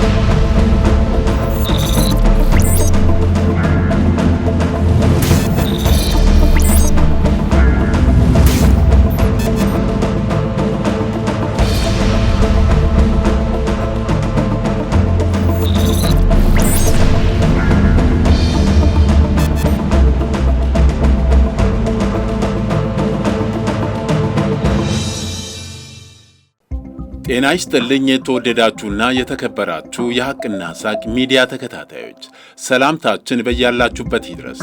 Thank you. ጤና ይስጥልኝ የተወደዳችሁና የተከበራችሁ የሐቅና ሳቅ ሚዲያ ተከታታዮች ሰላምታችን በያላችሁበት ይድረስ።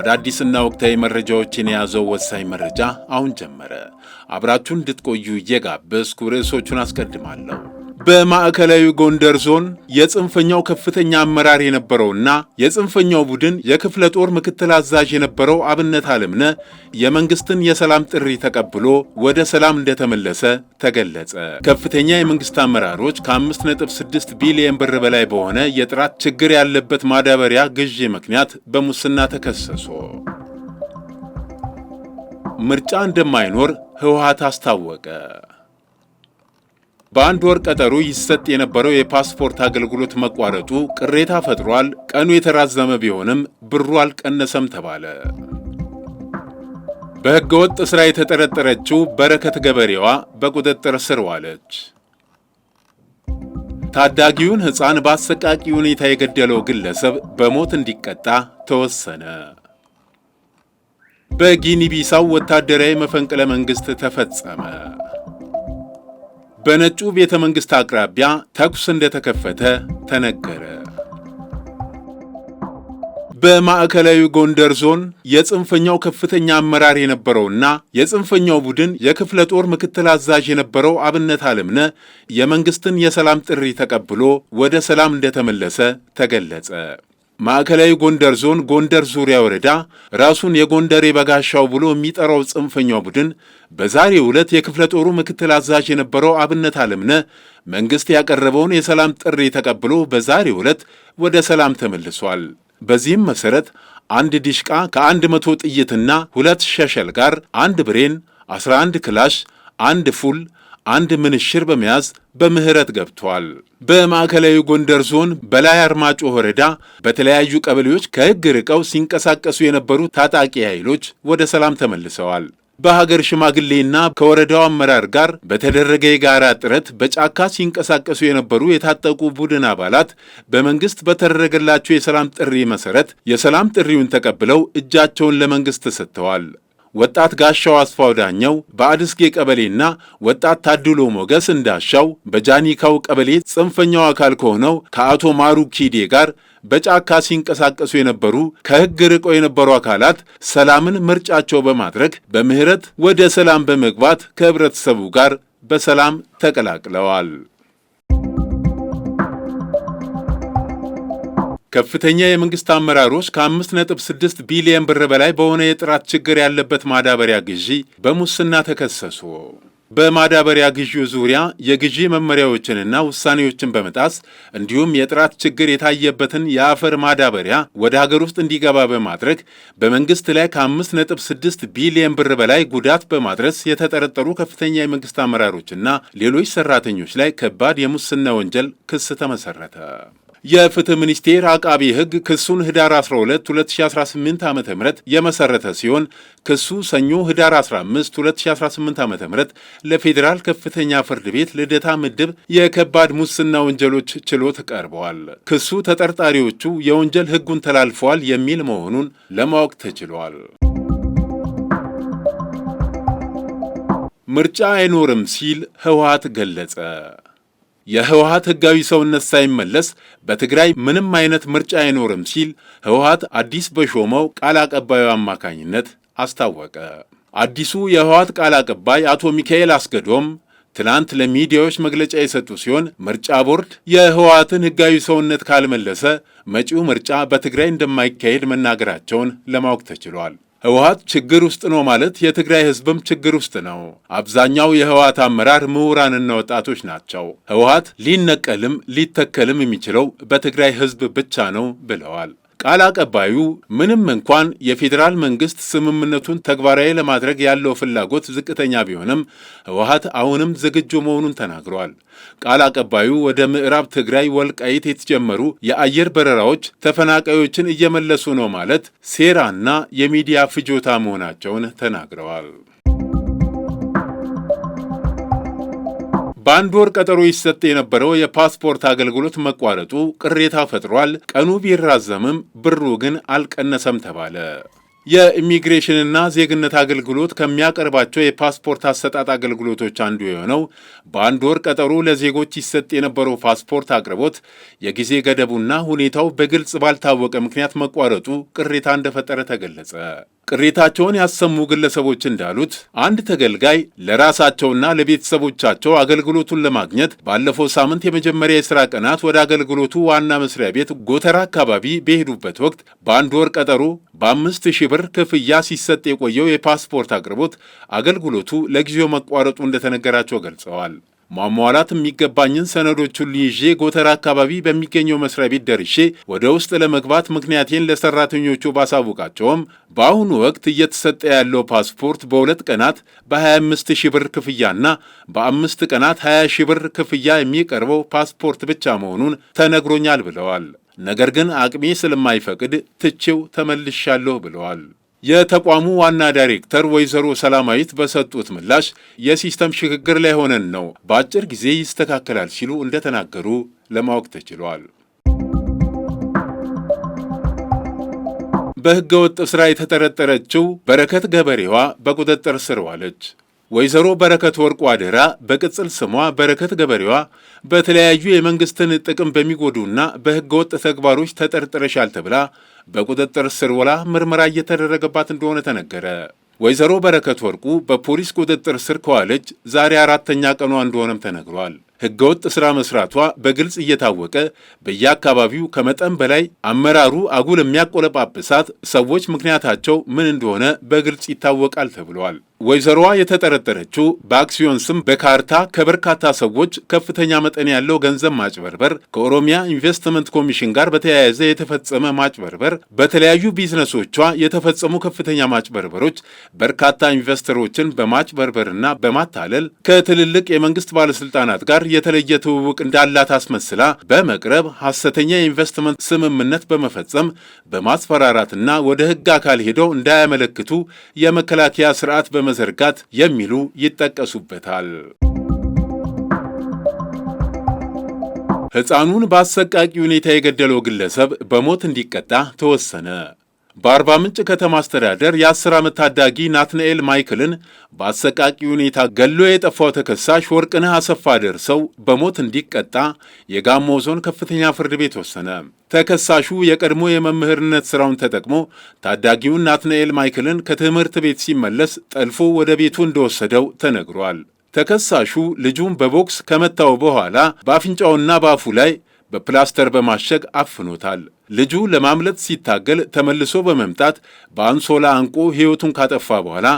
አዳዲስና ወቅታዊ መረጃዎችን የያዘው ወሳኝ መረጃ አሁን ጀመረ። አብራችሁን እንድትቆዩ እየጋበዝኩ ርዕሶቹን አስቀድማለሁ። በማዕከላዊ ጎንደር ዞን የጽንፈኛው ከፍተኛ አመራር የነበረውና የጽንፈኛው ቡድን የክፍለ ጦር ምክትል አዛዥ የነበረው አብነት አለምነ የመንግስትን የሰላም ጥሪ ተቀብሎ ወደ ሰላም እንደተመለሰ ተገለጸ። ከፍተኛ የመንግስት አመራሮች ከ5.6 ቢሊየን ብር በላይ በሆነ የጥራት ችግር ያለበት ማዳበሪያ ግዢ ምክንያት በሙስና ተከሰሶ ምርጫ እንደማይኖር ህወሓት አስታወቀ። በአንድ ወር ቀጠሮ ይሰጥ የነበረው የፓስፖርት አገልግሎት መቋረጡ ቅሬታ ፈጥሯል። ቀኑ የተራዘመ ቢሆንም ብሩ አልቀነሰም ተባለ። በህገወጥ ስራ የተጠረጠረችው በረከት ገበሬዋ በቁጥጥር ስር ዋለች። ታዳጊውን ሕፃን በአሰቃቂ ሁኔታ የገደለው ግለሰብ በሞት እንዲቀጣ ተወሰነ። በጊኒ ቢሳው ወታደራዊ መፈንቅለ መንግሥት ተፈጸመ። በነጩ ቤተ መንግሥት አቅራቢያ ተኩስ እንደተከፈተ ተነገረ። በማዕከላዊ ጎንደር ዞን የጽንፈኛው ከፍተኛ አመራር የነበረውና የጽንፈኛው ቡድን የክፍለ ጦር ምክትል አዛዥ የነበረው አብነት አለምነ የመንግስትን የሰላም ጥሪ ተቀብሎ ወደ ሰላም እንደተመለሰ ተገለጸ። ማዕከላዊ ጎንደር ዞን ጎንደር ዙሪያ ወረዳ ራሱን የጎንደር የበጋሻው ብሎ የሚጠራው ጽንፈኛው ቡድን በዛሬ ዕለት የክፍለ ጦሩ ምክትል አዛዥ የነበረው አብነት አለምነ መንግሥት ያቀረበውን የሰላም ጥሪ ተቀብሎ በዛሬ ዕለት ወደ ሰላም ተመልሷል። በዚህም መሠረት አንድ ዲሽቃ ከአንድ መቶ ጥይትና ሁለት ሸሸል ጋር አንድ ብሬን፣ 11 ክላሽ፣ አንድ ፉል አንድ ምንሽር በመያዝ በምህረት ገብቷል። በማዕከላዊ ጎንደር ዞን በላይ አርማጮ ወረዳ በተለያዩ ቀበሌዎች ከሕግ ርቀው ሲንቀሳቀሱ የነበሩ ታጣቂ ኃይሎች ወደ ሰላም ተመልሰዋል። በሀገር ሽማግሌና ከወረዳው አመራር ጋር በተደረገ የጋራ ጥረት በጫካ ሲንቀሳቀሱ የነበሩ የታጠቁ ቡድን አባላት በመንግስት በተደረገላቸው የሰላም ጥሪ መሰረት የሰላም ጥሪውን ተቀብለው እጃቸውን ለመንግስት ሰጥተዋል። ወጣት ጋሻው አስፋው ዳኘው በአድስጌ ቀበሌና ወጣት ታድሎ ሞገስ እንዳሻው በጃኒካው ቀበሌ ጽንፈኛው አካል ከሆነው ከአቶ ማሩ ኪዴ ጋር በጫካ ሲንቀሳቀሱ የነበሩ ከሕግ ርቀው የነበሩ አካላት ሰላምን ምርጫቸው በማድረግ በምህረት ወደ ሰላም በመግባት ከህብረተሰቡ ጋር በሰላም ተቀላቅለዋል። ከፍተኛ የመንግስት አመራሮች ከ5.6 ቢሊየን ብር በላይ በሆነ የጥራት ችግር ያለበት ማዳበሪያ ግዢ በሙስና ተከሰሱ። በማዳበሪያ ግዢው ዙሪያ የግዢ መመሪያዎችንና ውሳኔዎችን በመጣስ እንዲሁም የጥራት ችግር የታየበትን የአፈር ማዳበሪያ ወደ ሀገር ውስጥ እንዲገባ በማድረግ በመንግስት ላይ ከ5.6 ቢሊየን ብር በላይ ጉዳት በማድረስ የተጠረጠሩ ከፍተኛ የመንግስት አመራሮችና ሌሎች ሰራተኞች ላይ ከባድ የሙስና ወንጀል ክስ ተመሰረተ። የፍትህ ሚኒስቴር አቃቢ ህግ ክሱን ህዳር 12 2018 ዓ ም የመሰረተ ሲሆን ክሱ ሰኞ ህዳር 15 2018 ዓ ም ለፌዴራል ከፍተኛ ፍርድ ቤት ልደታ ምድብ የከባድ ሙስና ወንጀሎች ችሎት ቀርበዋል። ክሱ ተጠርጣሪዎቹ የወንጀል ህጉን ተላልፈዋል የሚል መሆኑን ለማወቅ ተችሏል። ምርጫ አይኖርም ሲል ህወሓት ገለጸ። የህወሀት ህጋዊ ሰውነት ሳይመለስ በትግራይ ምንም አይነት ምርጫ አይኖርም ሲል ህወሀት አዲስ በሾመው ቃል አቀባዩ አማካኝነት አስታወቀ። አዲሱ የህወሀት ቃል አቀባይ አቶ ሚካኤል አስገዶም ትናንት ለሚዲያዎች መግለጫ የሰጡ ሲሆን ምርጫ ቦርድ የህወሀትን ህጋዊ ሰውነት ካልመለሰ መጪው ምርጫ በትግራይ እንደማይካሄድ መናገራቸውን ለማወቅ ተችሏል። ህወሀት ችግር ውስጥ ነው ማለት የትግራይ ህዝብም ችግር ውስጥ ነው። አብዛኛው የህወሀት አመራር ምሁራንና ወጣቶች ናቸው። ህወሀት ሊነቀልም ሊተከልም የሚችለው በትግራይ ህዝብ ብቻ ነው ብለዋል። ቃል አቀባዩ ምንም እንኳን የፌዴራል መንግስት ስምምነቱን ተግባራዊ ለማድረግ ያለው ፍላጎት ዝቅተኛ ቢሆንም ህወሀት አሁንም ዝግጁ መሆኑን ተናግረዋል። ቃል አቀባዩ ወደ ምዕራብ ትግራይ ወልቃይት የተጀመሩ የአየር በረራዎች ተፈናቃዮችን እየመለሱ ነው ማለት ሴራና የሚዲያ ፍጆታ መሆናቸውን ተናግረዋል። በአንድ ወር ቀጠሮ ይሰጥ የነበረው የፓስፖርት አገልግሎት መቋረጡ ቅሬታ ፈጥሯል። ቀኑ ቢራዘምም ብሩ ግን አልቀነሰም ተባለ። የኢሚግሬሽንና ዜግነት አገልግሎት ከሚያቀርባቸው የፓስፖርት አሰጣጥ አገልግሎቶች አንዱ የሆነው በአንድ ወር ቀጠሮ ለዜጎች ይሰጥ የነበረው ፓስፖርት አቅርቦት የጊዜ ገደቡና ሁኔታው በግልጽ ባልታወቀ ምክንያት መቋረጡ ቅሬታ እንደፈጠረ ተገለጸ። ቅሬታቸውን ያሰሙ ግለሰቦች እንዳሉት አንድ ተገልጋይ ለራሳቸውና ለቤተሰቦቻቸው አገልግሎቱን ለማግኘት ባለፈው ሳምንት የመጀመሪያ የስራ ቀናት ወደ አገልግሎቱ ዋና መስሪያ ቤት ጎተራ አካባቢ በሄዱበት ወቅት በአንድ ወር ቀጠሮ በአምስት ሺህ ብር ክፍያ ሲሰጥ የቆየው የፓስፖርት አቅርቦት አገልግሎቱ ለጊዜው መቋረጡ እንደተነገራቸው ገልጸዋል። ማሟላት የሚገባኝን ሰነዶች ሁሉ ይዤ ጎተራ አካባቢ በሚገኘው መስሪያ ቤት ደርሼ ወደ ውስጥ ለመግባት ምክንያቴን ለሰራተኞቹ ባሳውቃቸውም በአሁኑ ወቅት እየተሰጠ ያለው ፓስፖርት በሁለት ቀናት በ25 ሺህ ብር ክፍያና በአምስት ቀናት 20 ሺህ ብር ክፍያ የሚቀርበው ፓስፖርት ብቻ መሆኑን ተነግሮኛል ብለዋል። ነገር ግን አቅሜ ስለማይፈቅድ ትቼው ተመልሻለሁ ብለዋል። የተቋሙ ዋና ዳይሬክተር ወይዘሮ ሰላማዊት በሰጡት ምላሽ የሲስተም ሽግግር ላይ ሆነን ነው፣ በአጭር ጊዜ ይስተካከላል ሲሉ እንደተናገሩ ለማወቅ ተችሏል። በሕገ ወጥ ስራ የተጠረጠረችው በረከት ገበሬዋ በቁጥጥር ስር ዋለች። ወይዘሮ በረከት ወርቁ አደራ በቅጽል ስሟ በረከት ገበሬዋ በተለያዩ የመንግስትን ጥቅም በሚጎዱና በህገወጥ ተግባሮች ተጠርጥረሻል ተብላ በቁጥጥር ስር ውላ ምርመራ እየተደረገባት እንደሆነ ተነገረ። ወይዘሮ በረከት ወርቁ በፖሊስ ቁጥጥር ስር ከዋለች ዛሬ አራተኛ ቀኗ እንደሆነም ተነግሯል። ህገወጥ ስራ መስራቷ በግልጽ እየታወቀ በየአካባቢው ከመጠን በላይ አመራሩ አጉል የሚያቆለጳጵሳት ሰዎች ምክንያታቸው ምን እንደሆነ በግልጽ ይታወቃል ተብለዋል። ወይዘሮዋ የተጠረጠረችው በአክሲዮን ስም በካርታ ከበርካታ ሰዎች ከፍተኛ መጠን ያለው ገንዘብ ማጭበርበር፣ ከኦሮሚያ ኢንቨስትመንት ኮሚሽን ጋር በተያያዘ የተፈጸመ ማጭበርበር፣ በተለያዩ ቢዝነሶቿ የተፈጸሙ ከፍተኛ ማጭበርበሮች በርካታ ኢንቨስተሮችን በማጭበርበርና በማታለል ከትልልቅ የመንግስት ባለስልጣናት ጋር የተለየ ትውውቅ እንዳላት አስመስላ በመቅረብ ሐሰተኛ የኢንቨስትመንት ስምምነት በመፈጸም በማስፈራራትና ወደ ሕግ አካል ሄደው እንዳያመለክቱ የመከላከያ ስርዓት በመዘርጋት የሚሉ ይጠቀሱበታል። ሕፃኑን በአሰቃቂ ሁኔታ የገደለው ግለሰብ በሞት እንዲቀጣ ተወሰነ። በአርባ ምንጭ ከተማ አስተዳደር የአስር ዓመት ታዳጊ ናትናኤል ማይክልን በአሰቃቂ ሁኔታ ገሎ የጠፋው ተከሳሽ ወርቅነህ አሰፋ ደርሰው በሞት እንዲቀጣ የጋሞ ዞን ከፍተኛ ፍርድ ቤት ወሰነ። ተከሳሹ የቀድሞ የመምህርነት ስራውን ተጠቅሞ ታዳጊውን ናትናኤል ማይክልን ከትምህርት ቤት ሲመለስ ጠልፎ ወደ ቤቱ እንደወሰደው ተነግሯል። ተከሳሹ ልጁን በቦክስ ከመታው በኋላ በአፍንጫውና በአፉ ላይ በፕላስተር በማሸግ አፍኖታል። ልጁ ለማምለጥ ሲታገል ተመልሶ በመምጣት በአንሶላ አንቆ ሕይወቱን ካጠፋ በኋላ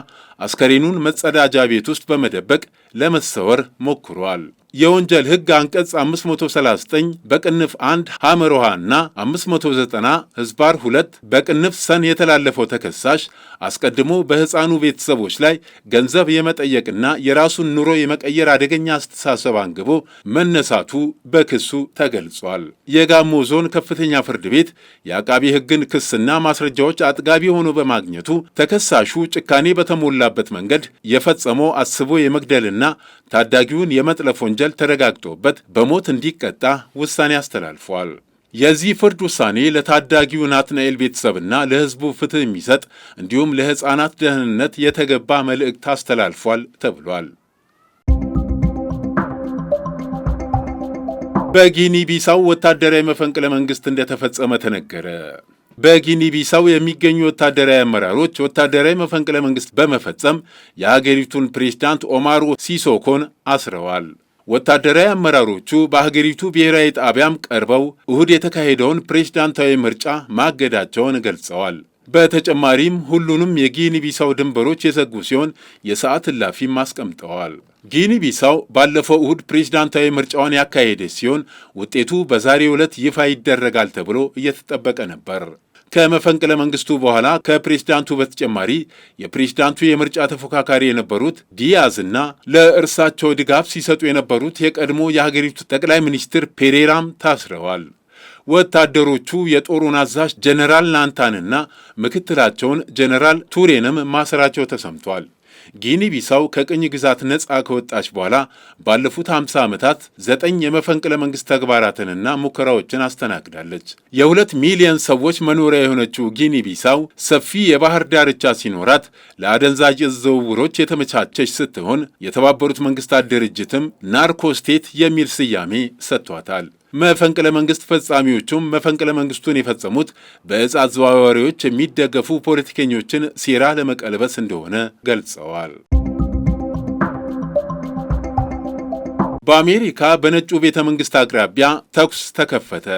አስከሬኑን መጸዳጃ ቤት ውስጥ በመደበቅ ለመሰወር ሞክሯል። የወንጀል ሕግ አንቀጽ 539 በቅንፍ 1 ሐመር ውሃ እና 590 ህዝባር 2 በቅንፍ ሰን የተላለፈው ተከሳሽ አስቀድሞ በሕፃኑ ቤተሰቦች ላይ ገንዘብ የመጠየቅና የራሱን ኑሮ የመቀየር አደገኛ አስተሳሰብ አንግቦ መነሳቱ በክሱ ተገልጿል። የጋሞ ዞን ከፍተኛ ፍርድ ቤት የአቃቢ ሕግን ክስና ማስረጃዎች አጥጋቢ ሆኖ በማግኘቱ ተከሳሹ ጭካኔ በተሞላበት መንገድ የፈጸመው አስቦ የመግደልና ታዳጊውን የመጥለፍ ወንጀል ተረጋግጦበት በሞት እንዲቀጣ ውሳኔ አስተላልፏል። የዚህ ፍርድ ውሳኔ ለታዳጊው ናትናኤል ቤተሰብና ለሕዝቡ ፍትህ የሚሰጥ እንዲሁም ለሕፃናት ደህንነት የተገባ መልእክት አስተላልፏል ተብሏል። በጊኒ ቢሳው ወታደራዊ መፈንቅለ መንግሥት እንደተፈጸመ ተነገረ። በጊኒ ቢሳው የሚገኙ ወታደራዊ አመራሮች ወታደራዊ መፈንቅለ መንግስት በመፈጸም የሀገሪቱን ፕሬዝዳንት ኦማር ሲሶኮን አስረዋል። ወታደራዊ አመራሮቹ በሀገሪቱ ብሔራዊ ጣቢያም ቀርበው እሁድ የተካሄደውን ፕሬዝዳንታዊ ምርጫ ማገዳቸውን ገልጸዋል። በተጨማሪም ሁሉንም የጊኒ ቢሳው ድንበሮች የዘጉ ሲሆን የሰዓት እላፊም አስቀምጠዋል። ጊኒ ቢሳው ባለፈው እሁድ ፕሬዝዳንታዊ ምርጫውን ያካሄደች ሲሆን ውጤቱ በዛሬ ዕለት ይፋ ይደረጋል ተብሎ እየተጠበቀ ነበር። ከመፈንቅለ መንግስቱ በኋላ ከፕሬዝዳንቱ በተጨማሪ የፕሬዝዳንቱ የምርጫ ተፎካካሪ የነበሩት ዲያዝና ለእርሳቸው ድጋፍ ሲሰጡ የነበሩት የቀድሞ የሀገሪቱ ጠቅላይ ሚኒስትር ፔሬራም ታስረዋል። ወታደሮቹ የጦሩን አዛዥ ጀነራል ናንታንና ምክትላቸውን ጀነራል ቱሬንም ማሰራቸው ተሰምቷል። ጊኒ ቢሳው ከቅኝ ግዛት ነፃ ከወጣች በኋላ ባለፉት 50 ዓመታት ዘጠኝ የመፈንቅለ መንግሥት ተግባራትንና ሙከራዎችን አስተናግዳለች። የሁለት ሚሊዮን ሰዎች መኖሪያ የሆነችው ጊኒ ቢሳው ሰፊ የባህር ዳርቻ ሲኖራት ለአደንዛዥ ዝውውሮች የተመቻቸች ስትሆን የተባበሩት መንግስታት ድርጅትም ናርኮ ስቴት የሚል ስያሜ ሰጥቷታል። መፈንቅለ መንግስት ፈጻሚዎቹም መፈንቅለ መንግስቱን የፈጸሙት በእጽ አዘዋዋሪዎች የሚደገፉ ፖለቲከኞችን ሴራ ለመቀልበስ እንደሆነ ገልጸዋል። በአሜሪካ በነጩ ቤተ መንግስት አቅራቢያ ተኩስ ተከፈተ።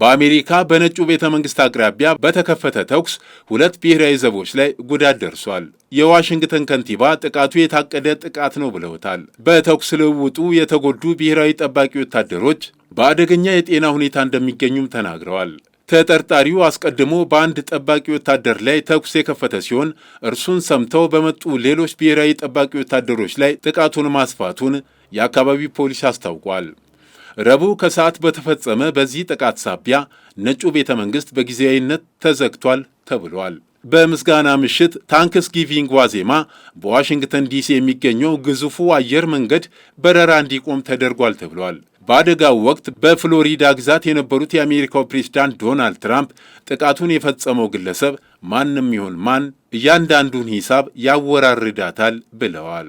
በአሜሪካ በነጩ ቤተ መንግስት አቅራቢያ በተከፈተ ተኩስ ሁለት ብሔራዊ ዘቦች ላይ ጉዳት ደርሷል። የዋሽንግተን ከንቲባ ጥቃቱ የታቀደ ጥቃት ነው ብለውታል። በተኩስ ልውውጡ የተጎዱ ብሔራዊ ጠባቂ ወታደሮች በአደገኛ የጤና ሁኔታ እንደሚገኙም ተናግረዋል። ተጠርጣሪው አስቀድሞ በአንድ ጠባቂ ወታደር ላይ ተኩስ የከፈተ ሲሆን እርሱን ሰምተው በመጡ ሌሎች ብሔራዊ ጠባቂ ወታደሮች ላይ ጥቃቱን ማስፋቱን የአካባቢው ፖሊስ አስታውቋል። ረቡዕ ከሰዓት በተፈጸመ በዚህ ጥቃት ሳቢያ ነጩ ቤተ መንግሥት በጊዜያዊነት ተዘግቷል ተብሏል። በምስጋና ምሽት ታንክስ ጊቪንግ ዋዜማ በዋሽንግተን ዲሲ የሚገኘው ግዙፉ አየር መንገድ በረራ እንዲቆም ተደርጓል ተብሏል። በአደጋው ወቅት በፍሎሪዳ ግዛት የነበሩት የአሜሪካው ፕሬዝዳንት ዶናልድ ትራምፕ ጥቃቱን የፈጸመው ግለሰብ ማንም ይሁን ማን እያንዳንዱን ሂሳብ ያወራርዳታል ብለዋል።